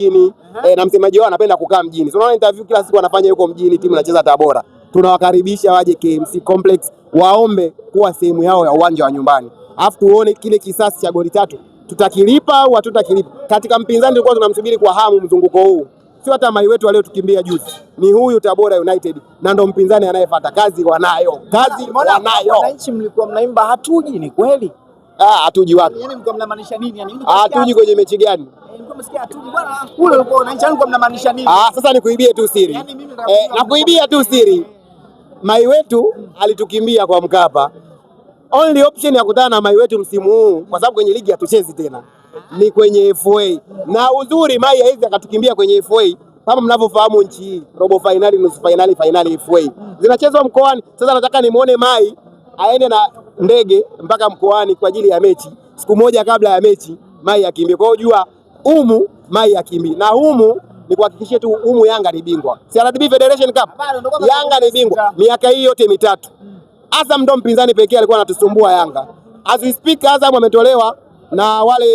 mjini E, na msemaji wao anapenda kukaa mjini. So unaona interview kila siku anafanya yuko mjini, timu inacheza Tabora. Tunawakaribisha waje KMC Complex waombe kuwa sehemu yao ya uwanja wa nyumbani, alafu tuone kile kisasi cha goli tatu tutakilipa au hatutakilipa. Katika mpinzani tulikuwa tunamsubiri kwa hamu mzunguko huu, sio hata mai wetu tukimbia juzi, ni huyu Tabora United, na ndo mpinzani anayefuata. Kazi wanayo, kazi wanayo. Wananchi mlikuwa mnaimba hatuji, ni kweli. Ah, hatuji wapi? Yaani mko mnamaanisha nini yani? Hatuji kwenye mechi gani? Eh, ah, sasa nikuibie tu siri. Yaani mimi eh, nakuibia tu siri. Mai wetu alitukimbia kwa Mkapa. Only option ya kutana na Mai wetu msimu huu kwa sababu kwenye ligi hatuchezi tena ni kwenye FA na uzuri Mai hizi akatukimbia kwenye FA kama mnavyofahamu nchi hii robo finali, nusu fainali, finali FA zinachezwa mkoani. Sasa nataka nimwone Mai aende na ndege mpaka mkoani kwa ajili ya mechi, siku moja kabla ya mechi mai akimbie. Kwa hiyo jua umu mai akimbie, na umu ni kuhakikishia tu umu Yanga ni bingwa CRDB Federation Cup, Yanga ni bingwa miaka hii yote mitatu. Azam ndo mpinzani pekee alikuwa anatusumbua Yanga. As we speak, Azam ametolewa na wale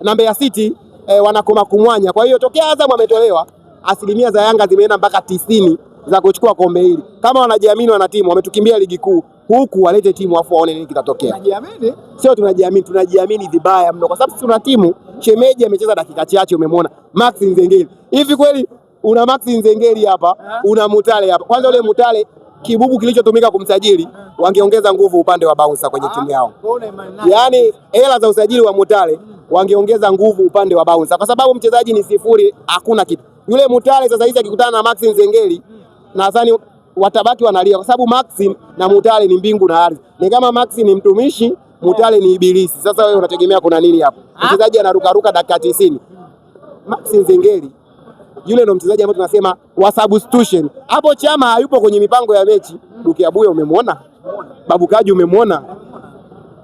na Mbeya City eh, wanakoma kumwanya. Kwa hiyo tokea Azam ametolewa, asilimia za Yanga zimeenda mpaka tisini za kuchukua kombe hili. Kama wanajiamini wana timu, wametukimbia ligi kuu huku walete timu afu waone nini kitatokea. Tunajiamini. Sio tunajiamini, tunajiamini vibaya mno kwa sababu tuna timu. Shemeji amecheza dakika chache umemwona Max Nzengeli. Hivi kweli una Max Nzengeli hapa, eh? una Mutale hapa. Kwanza ule Mutale kibubu kilichotumika kumsajili wangeongeza nguvu upande wa bouncer kwenye ah, timu yao. Yaani hela za usajili wa Mutale wangeongeza nguvu upande wa bouncer kwa sababu mchezaji ni sifuri, hakuna kitu. Yule Mutale sasa hizi akikutana na Max Nzengeli hmm. nadhani watabaki wanalia, kwa sababu Maxim na Mutale ni mbingu na ardhi. Ni kama Maxim ni mtumishi, Mutale ni ibilisi. Sasa wewe unategemea kuna nini hapo? Ah. Mchezaji anarukaruka dakika 90. Maxim Zengeli yule ndo mchezaji ambaye tunasema wa substitution. Hapo Chama hayupo kwenye mipango ya mechi. Duke Abuya umemwona? Babu Kaji umemwona?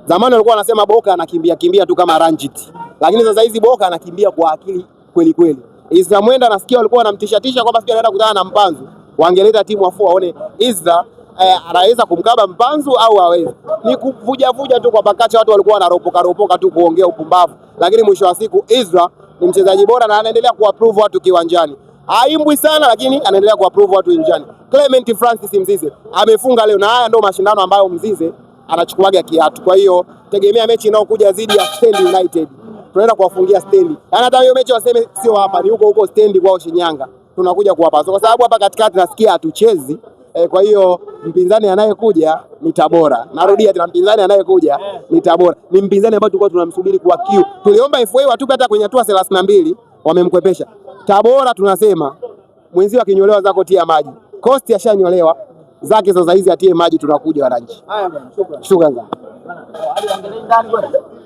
Zamani walikuwa wanasema Boka anakimbia kimbia tu kama Ranjit. Lakini sasa hizi Boka anakimbia kwa akili kweli kweli. Isamwenda nasikia walikuwa wanamtishatisha kwamba sikia anaenda kukutana na Mpanzu wangeleta timu afu waone iza eh, anaweza kumkaba Mpanzu au hawezi. Ni kuvujavuja tu kwa pakacha, watu walikuwa wanaropoka ropoka tu kuongea upumbavu, lakini mwisho wa siku Izra ni mchezaji bora na anaendelea kuwaprove watu kiwanjani. Haimbwi sana lakini anaendelea kuwaprove watu injani. Clement Francis Mzize amefunga leo, na haya ndio mashindano ambayo Mzize anachukuaga kiatu. Kwa hiyo tegemea mechi inayokuja dhidi ya Stand United, tunaenda kuwafungia Stand. Yaani hata hiyo mechi waseme sio hapa, ni huko huko Stand kwao Shinyanga tunakuja kuwapasa, kwa sababu hapa katikati nasikia hatuchezi eh, Kwa hiyo mpinzani anayekuja ni Tabora, narudia tena, mpinzani anayekuja ni Tabora, ni mpinzani ambao tulikuwa tunamsubiri kwa kiu. Tuliomba FA watupe hata kwenye hatua thelathini na mbili, wamemkwepesha Tabora. Tunasema mwenzio akinyolewa zako tia maji, Kosti ashanyolewa zake sasa hizi atie maji. Tunakuja wananchi, shukrani sana.